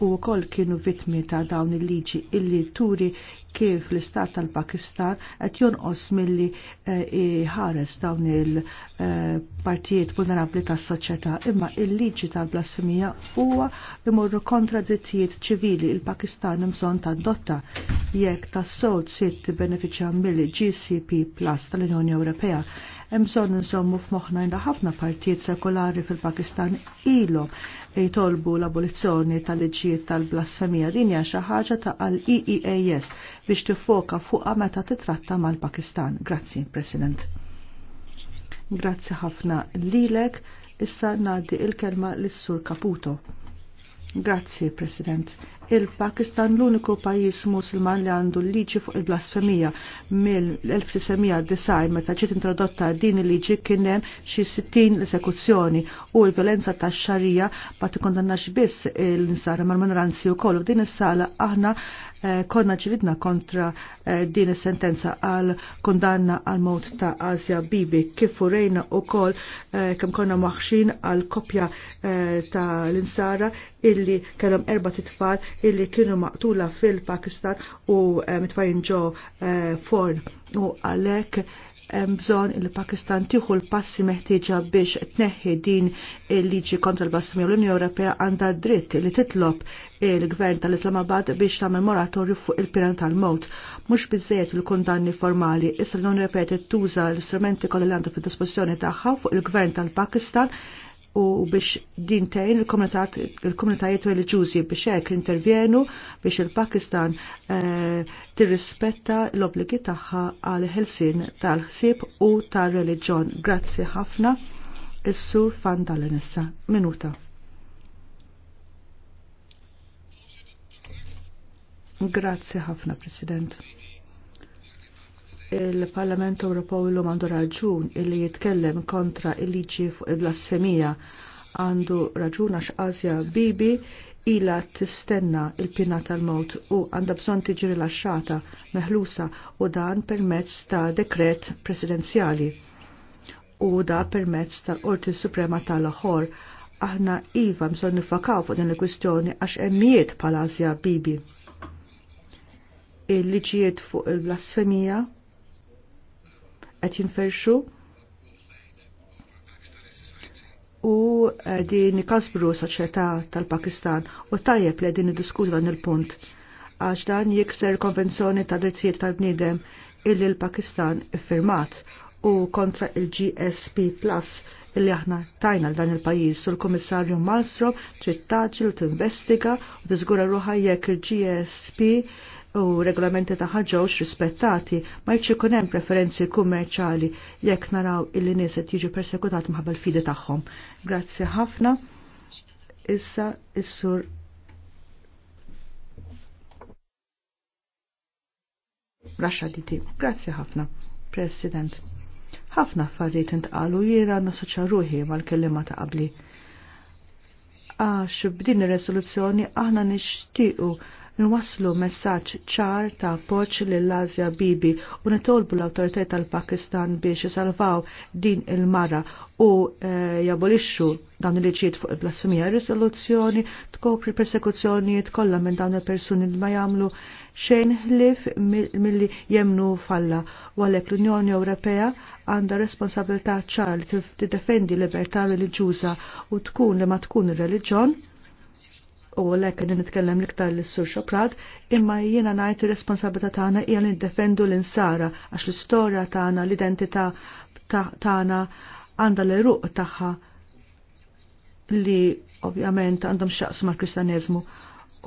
u kol kienu vitmi ta' dawn il-liġi illi turi kif l-istat tal-Pakistan qed jonqos milli eh, ħares dawn il-partijiet eh, vulnerabbli tas-soċjetà imma il-liġi tal-blasfemija huwa imorru kontra drittijiet ċivili il-Pakistan imżon tad-dotta jekk tas-sow trid tibbenefiċja mill-GCP Plus tal-Unjoni Ewropea hemm bżonn insommu f'moħħna ħafna partijiet sekolari fil-Pakistan ilhom li jtolbu l-abolizzjoni tal-liġijiet tal-blasfemija din hija xi ħaġa ta' għal EEAS biex tifoka fuqha meta titratta mal-Pakistan. Grazzi, President. Grazzi ħafna lilek, issa ngħaddi il-kelma lis-Sur Caputo. Grazzi, President il-Pakistan l-uniku pajis musulman li għandu l-liġi fuq il-blasfemija mill-1990 meta ġiet introdotta din il-liġi kien hemm xi 60 esekuzzjoni u l-violenza tax-xarija ma tikkondannax biss il-nisar mal-minoranzi wkoll din is-sala aħna eh, konna ġilidna kontra eh, din is-sentenza għal kondanna għal mod ta' Asia Bibi kif urejna u kemm eh, kem konna maħxin għal kopja ta' l-insara illi kellhom erba' titfal illi kienu maqtula fil-Pakistan u eh, mitfajn ġo eh, forn u għalek eh, bżon il-Pakistan tiħu l-passi meħtieġa biex tneħħi din il-liġi kontra l-bassimi u l-Unjoni Ewropea għandha dritt li titlob il-Gvern tal-Islamabad biex tagħmel moratorju fuq il-piran tal-mod. Mhux biżejjed il-kundanni formali, issa l-Unjoni Ewropea tittuża l-istrumenti kollha li għandha fid-dispożizzjoni tagħha fuq il-Gvern tal-Pakistan u biex din tgħin il-komunitajiet reliġjużi biex hekk intervjenu biex il-Pakistan eh, tirrispetta l-obbligi tagħha għal ħelsien tal-ħsieb u tal-reliġjon. Grazzi ħafna is-sur Fan Dalen nessa Minuta. Grazzi ħafna, President il-Parlament Ewropew l għandu raġun illi jitkellem kontra il-liġi fuq il-blasfemija għandu raġun għax Azja Bibi ila tistenna il-pina tal-mot u għanda bżon tiġi rilaxxata meħlusa u dan permezz ta' dekret presidenzjali u da permezz tal-Qorti Suprema tal ħor aħna iva bżon nifakaw fuq din il-kwistjoni għax emmijiet pal azja Bibi. Il-liġijiet fuq il-blasfemija qed jinferxu u eh, din kasbru soċjetà tal-Pakistan u tajjeb li din diskutu dan il-punt għax dan jikser konvenzjoni ta' drittijiet tal-bniedem illi l-Pakistan iffirmat u kontra il-GSP Plus illi aħna tajna l-dan il-pajis u l-Komissarju Malmstrom trid u u tinvestiga u tiżgura ruħa jekk il-GSP u regolamenti taħħa ġewx rispettati ma jridx ikun hemm preferenzi kummerċali jekk naraw illi nies qed jiġu persekutat maħbal fidi tagħhom. Grazzi ħafna. Issa is-sur diti. Grazzi ħafna, President. Ħafna affarijiet intqalu jiena nassoċja ruħi mal-kellima ta' qabli għax b'din ir-resoluzzjoni aħna nixtiequ nwaslu messaġġ ċar ta' Poċ lill-Azja Bibi u nitolbu l autoritet tal-Pakistan biex jisalvaw din il-mara u eh, jabolixxu dawn il-liċiet fuq il-blasfemija. Risoluzzjoni tkopri persekuzzjonijiet kollha minn dawn il-persuni li ma jagħmlu xejn ħlif milli jemnu falla u għalhekk l-Unjoni Ewropea għandha responsabilità ċar li tiddefendi l-libertà reliġjuża u tkun li ma tkun ir-reliġjon u l-ekk din nitkellem liktar l-sur xokrat, imma jiena najt il-responsabilità tagħna hija li ndefendu l-insara għax l-istorja tagħna, l-identità tagħna għandha l-eruq tagħha li ovvjament għandhom x'aqsu mal kristanizmu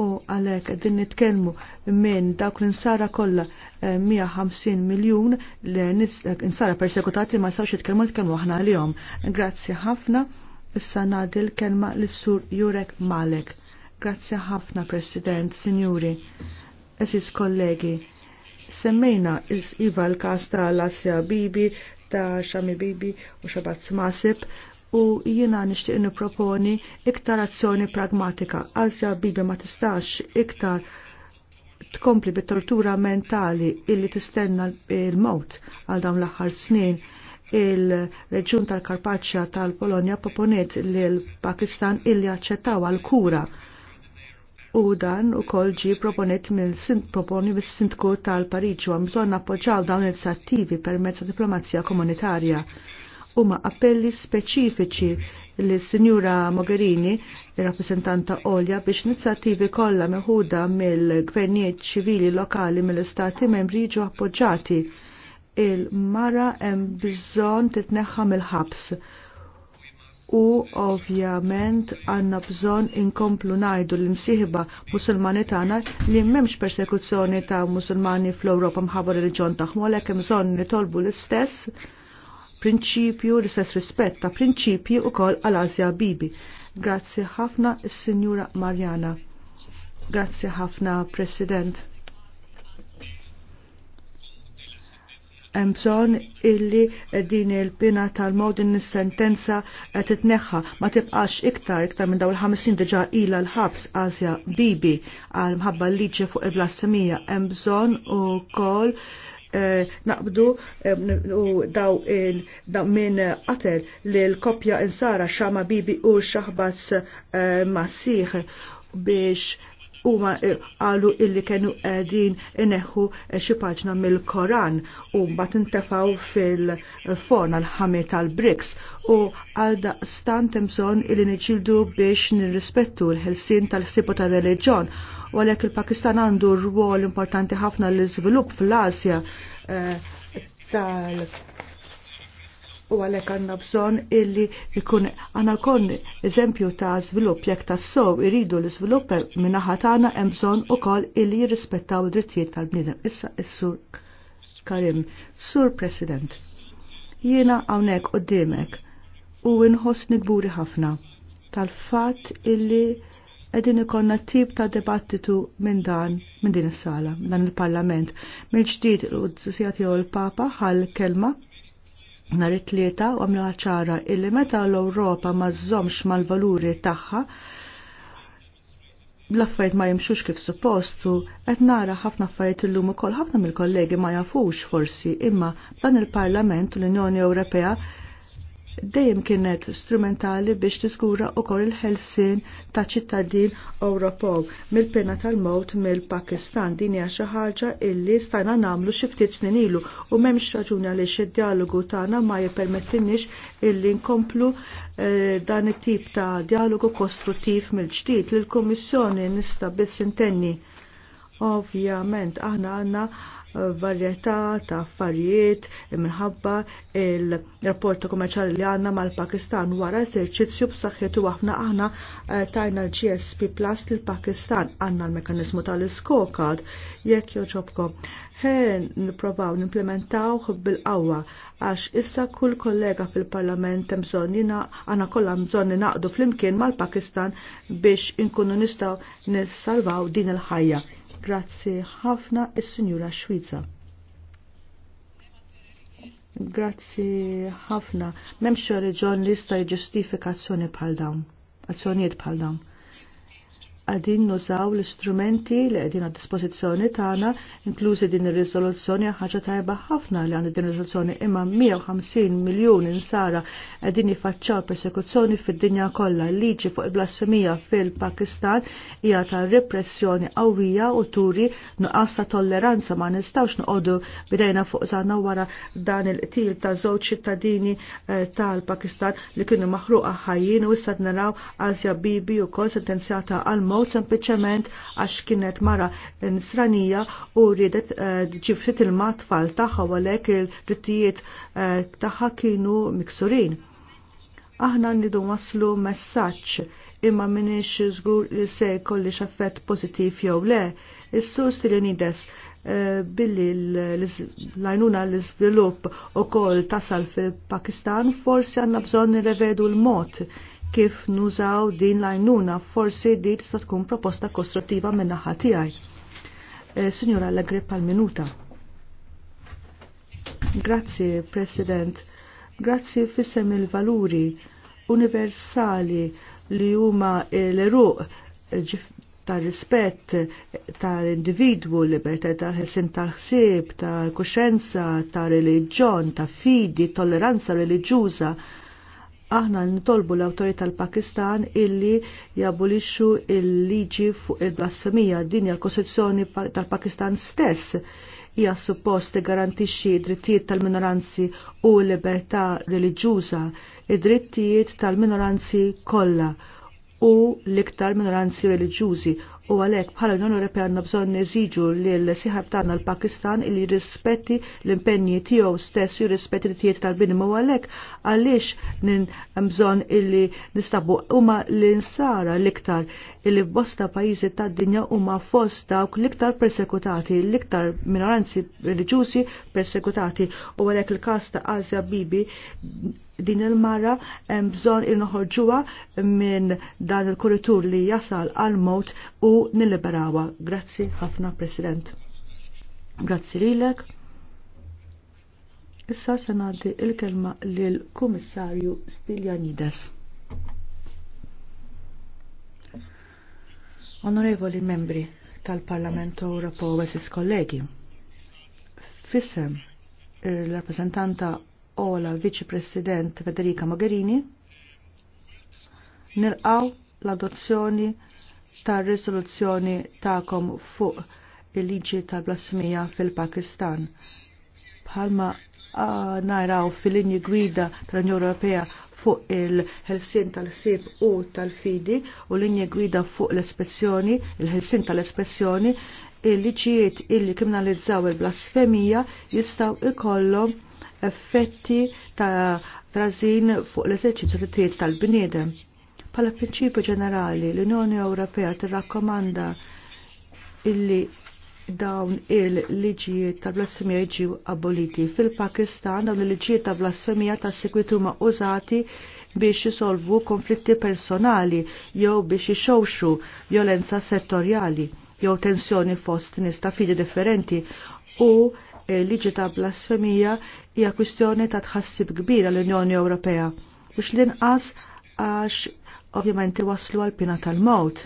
u għalek din nitkellmu minn dawk l-insara kollha 150 eh, miljun l-insara persekutati ma sawx jitkellmu nitkellmu aħna għalihom. Grazzi ħafna. Issa nagħdi l-kelma lis sur Jurek Malek. Grazzi ħafna, President, Signuri, Esis kollegi. Semmejna iva l-kas ta' Lassia Bibi, ta' Xami Bibi u Xabat Smasib u jina nishtiq proponi iktar azzjoni pragmatika. Asja Bibi ma tistax iktar tkompli bit-tortura mentali illi tistenna il-mot għal dawn l-aħħar snin il-reġjun tal-Karpaċċja tal-Polonja proponiet l pakistan illi aċċettaw għal kura U dan u kol ġi proponet mill-proponi mill-sindku tal-Pariġu għam bżon appoġġaw dawn il-sattivi per mezzo diplomazija komunitarja. Huma appelli speċifiċi li sinjura Mogherini, rappresentanta Olja, biex inizjattivi kollha meħuda mill-gvernijiet ċivili lokali mill-istati membri ġu appoġġati. Il-mara hemm bżonn titneħħa mill-ħabs u ovvjament għanna bżon inkomplu najdu l-imsiħba musulmani tagħna li m'hemmx persekuzzjoni ta' musulmani fl-Ewropa mħabba reliġjon tagħhom għalhekk hemm bżonn nitolbu l-istess prinċipju l-istess rispett ta' prinċipji kol għal azja Bibi. Grazzi ħafna s sinjura Marjana. Grazzi ħafna President. hemm bżonn illi din il-pina tal-mod din is-sentenza titneħħa ma tibqax iktar iktar minn dawn il-50 diġà ila l-ħabs Asja Bibi għal mħabba liġi fuq il-blasfemija hemm bżonn ukoll eh, naqbdu eh, u daw il minn qatel li l-kopja insara xama bibi u xaħbaz eh, massiħ biex huma qalu illi kienu qegħdin ineħħu xi paġna mill-Koran u bat intefaw fil forna l ħami tal-Briks u għalda stan hemm bżonn illi niġildu biex nirrispettu l-ħelsien tal-ħsibu tal reliġjon u għalhekk il-Pakistan għandu rwol importanti ħafna l-iżvilupp fl-Asja eh, tal- u għalek għanna bżon illi jkun għanna kon eżempju ta' svilupp jek ta' sow iridu l-svilupp minnaħa tagħna hemm bżon ukoll illi jirrispettaw id-drittijiet tal-bniedem. Issa is-sur Karim, Sur President, jiena hawnhekk qudiemek u nħoss nikburi ħafna tal-fatt illi qegħdin ikonna tip ta' debattitu minn dan minn din is-sala, dan il-Parlament. Mill-ġdid d uzzusija u l-Papa ħal kelma nhar it-tlieta u għamlu ċara illi meta l-Ewropa ma żżommx mal-valuri tagħha l-affarijiet ma jimxux kif suppostu qed nara ħafna affarijiet illum ukoll ħafna mill-kollegi ma jafux forsi imma dan il-Parlament u l-Unjoni Ewropea dejjem kienet strumentali biex tiskura kol il-ħelsin ta' ċittadin Ewropew mill-pena tal mot mill-Pakistan. Din hija xi ħaġa illi stajna nagħmlu xi ftit snin ilu u m'hemmx raġuni għaliex id-dialogu tagħna ma jippermettinniex illi nkomplu eh, dan it-tip ta' dialogu kostruttiv mill-ġdid lill kummissjoni nista' biss intenni. Ovvjament aħna għandna varjetà ta' affarijiet minħabba il rapporti kummerċjali li għandna mal-Pakistan wara eżerċizzju b'saħħitu aħna aħna eh, tajna l-GSP Plus lil pakistan għandna l-mekanizmu tal-iskokad jekk joġobkom. Ħen nipprovaw nimplementawh bil-qawwa għax issa kull kollega fil-Parlament hemm bżonn għandna kollha bżonn naqdu flimkien mal-Pakistan biex inkunu nistgħu nissalvaw din il-ħajja. Grazzi ħafna is-Sinjura Xwiza. Grazzi ħafna. Memxie reġon lista jista' pal bħal dawn, azzjonijiet bħal dawn għadin nużaw l-istrumenti li għadin għad dispozizjoni tagħna, inklużi din ir-riżoluzzjoni ħaġa tajba ħafna li għandha din ir-riżoluzzjoni imma 150 miljun insara qegħdin jifaċċaw persekuzzjoni fid-dinja kollha. Liġi fuq il-blasfemija fil-Pakistan hija ta' repressjoni qawwija u turi nuqqas ta' tolleranza ma nistgħux noqogħdu bidejna fuq żagħna wara dan il-qtil ta' żewġ ċittadini eh, tal-Pakistan li kienu maħruqa ħajjin u issa naraw Asja Bibi wkoll sentenzjata għal mewt sempliċement għax kienet mara nisranija u rridet eh, ġifrit il-ma tfal u għalek il-rittijiet eh, taħħa kienu miksurin. Aħna nidu waslu messaċ imma minix żgur li se jkolli effett pozitif jew le. Is-sus nides eh, billi l-għajnuna l-izvilup u kol tasal fil-Pakistan forsi għanna bżon revedu l-mod kif nużaw din lajnuna forsi di tista' tkun proposta kostruttiva minna naħa tiegħi. E, Signora Allegri pal-minuta. Grazzi, President. Grazzi fissem il-valuri universali li huma l-eruq tal-rispett tal-individwu, libertà ta' ħelsin tal-ħsieb, ta' kuxenza ta' reliġjon ta' fidi, tolleranza reliġjuża, aħna nitolbu l-autorità l-Pakistan illi jabolixxu il-liġi fuq il-blasfemija din l-Kostituzzjoni tal-Pakistan stess hija suppost garantixxi drittijiet tal-minoranzi u l-libertà reliġjuża, id-drittijiet tal-minoranzi kollha u l-iktar minoranzi reliġjużi u għalhekk bħala l-Unjoni Ewropea għandna bżonn neżiġu lil siħab tagħna l-Pakistan li jirrispetti l-impenji tiegħu stess jirrispetti li tijiet tal-binimu u għalhekk għaliex bżonn illi nistabu huma li nsara l-iktar illi bosta pajjiżi tad-dinja huma fost dawk l-iktar persekutati, l-iktar minoranzi reliġjużi persekutati u għalhekk il-każ ta' Asja Bibi din il-mara hemm bżonn il noħorġuwa minn dan il-kuritur li jasal għal-mot u nil-liberawa. Grazzi ħafna, President. Grazzi lilek. Issa se nagħti il-kelma lil Kummissarju Stiljanides. Onorevoli membri tal-Parlament Ewropew eżis kollegi, fissem il-rappresentanta ola Viċi President Federica Mogherini nilqaw l-adozzjoni tar risoluzzjoni ta'kom fuq il-liġi tal-blasmija fil-Pakistan. Bħalma najraw fil-linji gwida tal-Unjoni Ewropea fuq il-ħelsin tal-sib u tal-fidi u linji gwida fuq l-espressjoni, il-ħelsin tal-espressjoni, il liġijiet illi kriminalizzaw il-blasfemija jistaw ikollhom effetti ta' trażin fuq l-eżerċizzju rittijiet tal-bniedem. Pala prinċipju ġenerali, l-Unjoni Ewropea tirrakkomanda illi dawn il-liġijiet ta' blasfemija jiġu aboliti. Fil-Pakistan dawn il-liġijiet ta' blasfemija ta' sekwitu ma' użati biex jisolvu konflitti personali jew biex jixxewxu violenza settorjali jew tensjoni fost nista' fidi differenti u liġi ta' blasfemija hija kwistjoni ta' tħassib kbira l-Unjoni Ewropea. U l-inqas għax ovvjament waslu għal pina tal-mowt.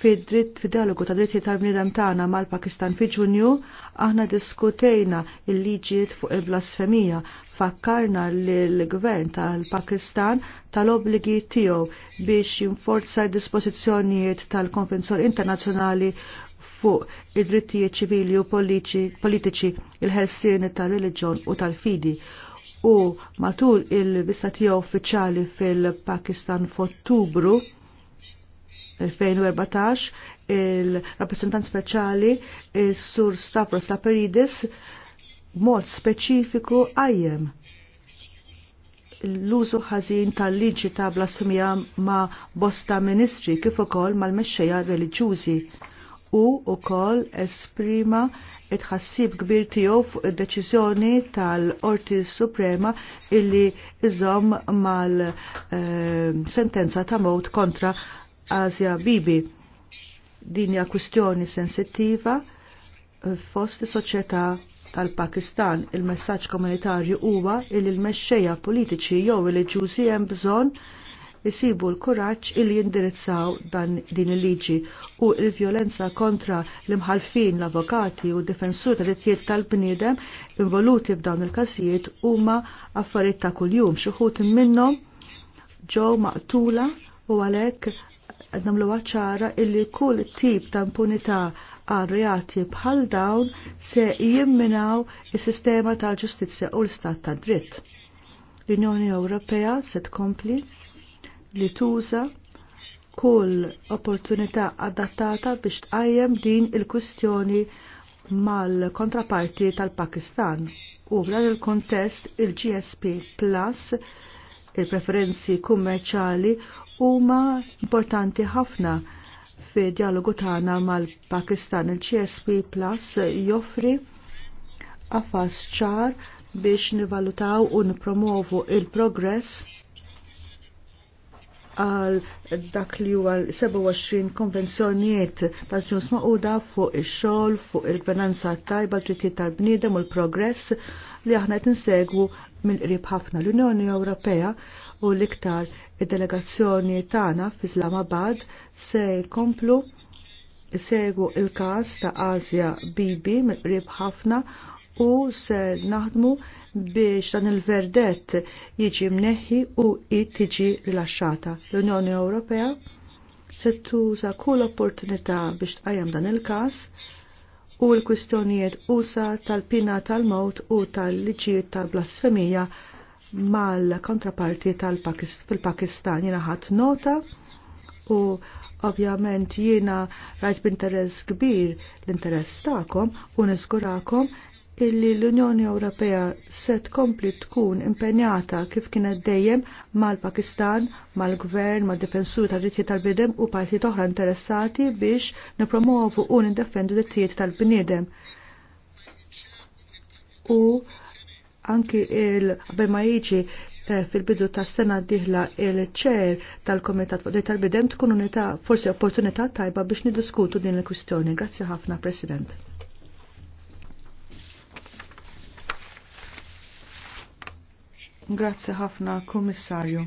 Fid-dritt fid-dialogu ta' dritti tal-bniedem tagħna mal-Pakistan fi Ġunju aħna diskutejna il-liġijiet fuq il-blasfemija fakkarna l-gvern tal-Pakistan tal-obligi tiegħu biex jinforza d-dispożizzjonijiet tal-Konvenzjoni Internazzjonali fuq id-drittijiet ċivili u politiċi il-ħelsien tal-reliġjon u tal-fidi u matul il-vistatija uffiċjali fil-Pakistan f'Ottubru 2014 il-rappresentant speċjali il Sur Stavros Laperidis mod speċifiku għajjem l-użu ħażin tal-liġi ta' blasfemija ma' bosta ministri kif ukoll mal-mexxejja reliġjużi u wkoll esprima tħassib kbir tiegħu fuq id-deċiżjoni tal-Qorti Suprema illi iżomm mal-sentenza eh, ta' mod kontra Asia Bibi. Din hija kwistjoni sensittiva fost soċjetà tal-Pakistan. Il-messaġġ komunitarju huwa li l mexxejja politiċi jew reliġjużi hemm bżonn jisibu l-kuraċ illi jindirizzaw dan din il-liġi u il-vjolenza kontra l-imħalfin, l-avokati u difensur ta' dittijiet tal-bniedem involuti f'dawn il-kasijiet huma affarijiet ta' kuljum xuħut minnhom ġew maqtula u għalhekk namlu ċara illi kull tip ta' impunità għal reati bħal dawn se jimminaw is-sistema tal-ġustizzja u l-istat ta' dritt. L-Unjoni Ewropea se tkompli li tuża kull opportunità adattata biex tqajjem din il-kwistjoni mal-kontraparti tal-Pakistan u f'dan il-kontest il-GSP Plus il-preferenzi kummerċali huma importanti ħafna fi dialogu tagħna mal-Pakistan. Il-GSP Plus joffri qafas ċar biex nivalutaw u nipromovu il-progress għal dak li huwa 27 konvenzjonijiet tal-ġnus maquda fuq ix-xogħol, fuq il-gvernanza tajba l-drittijiet tal-bniedem u l-progress li aħna qed insegwu minn qrib ħafna l-Unjoni Ewropea u l-iktar id-delegazzjoni tagħna f'Islamabad se jkomplu segu il-każ ta' Asia Bibi mill-qrib ħafna u se naħdmu biex dan il-verdett jiġi mneħħi u tiġi rilaxxata. L-Unjoni Ewropea se tuża kull opportunità biex tqajjem dan il-każ u l-kwistjonijiet usa tal-pina tal-mawt u tal-liġijiet tal-blasfemija mal-kontraparti tal-Pakistan. Jena ħat nota u ovvjament jiena rajt b'interess kbir l-interess ta'kom u niskurakom illi l-Unjoni Ewropea se tkompli tkun impenjata kif kienet dejjem mal-Pakistan, mal-Gvern, mal-Difensur tal-Drittijiet tal-Bidem u partijiet oħra interessati biex nipromovu u nindefendu drittijiet tal-bniedem. U anki il-qabel ma jiġi eh, fil-bidu ta' sena diħla il-ċer tal-Komitat fuq tal-Bidem tkun unita forsi opportunità tajba biex niddiskutu din il-kwistjoni. Grazzi ħafna, President. Grazzi ħafna, Komissarju.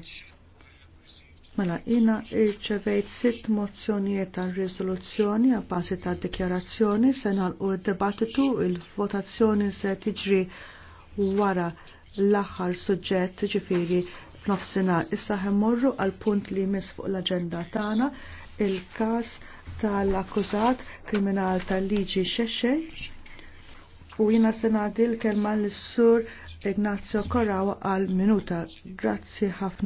Mela, jina irċevejt sitt mozzjonijiet tal riżoluzzjoni għal bażi ta' dikjarazzjoni se nagħlqu d-dibattitu il-votazzjoni se tiġri wara l-aħħar suġġett ġifieri f'nofsinhar. Issa ħemmorru għal punt li jmiss fuq l-aġenda tagħna il-każ tal-akkużat kriminal tal-liġi xexxej u jina se ngħaddi l-kelma l sur Ignazio Koraw għal minuta. Grazzi ħafna.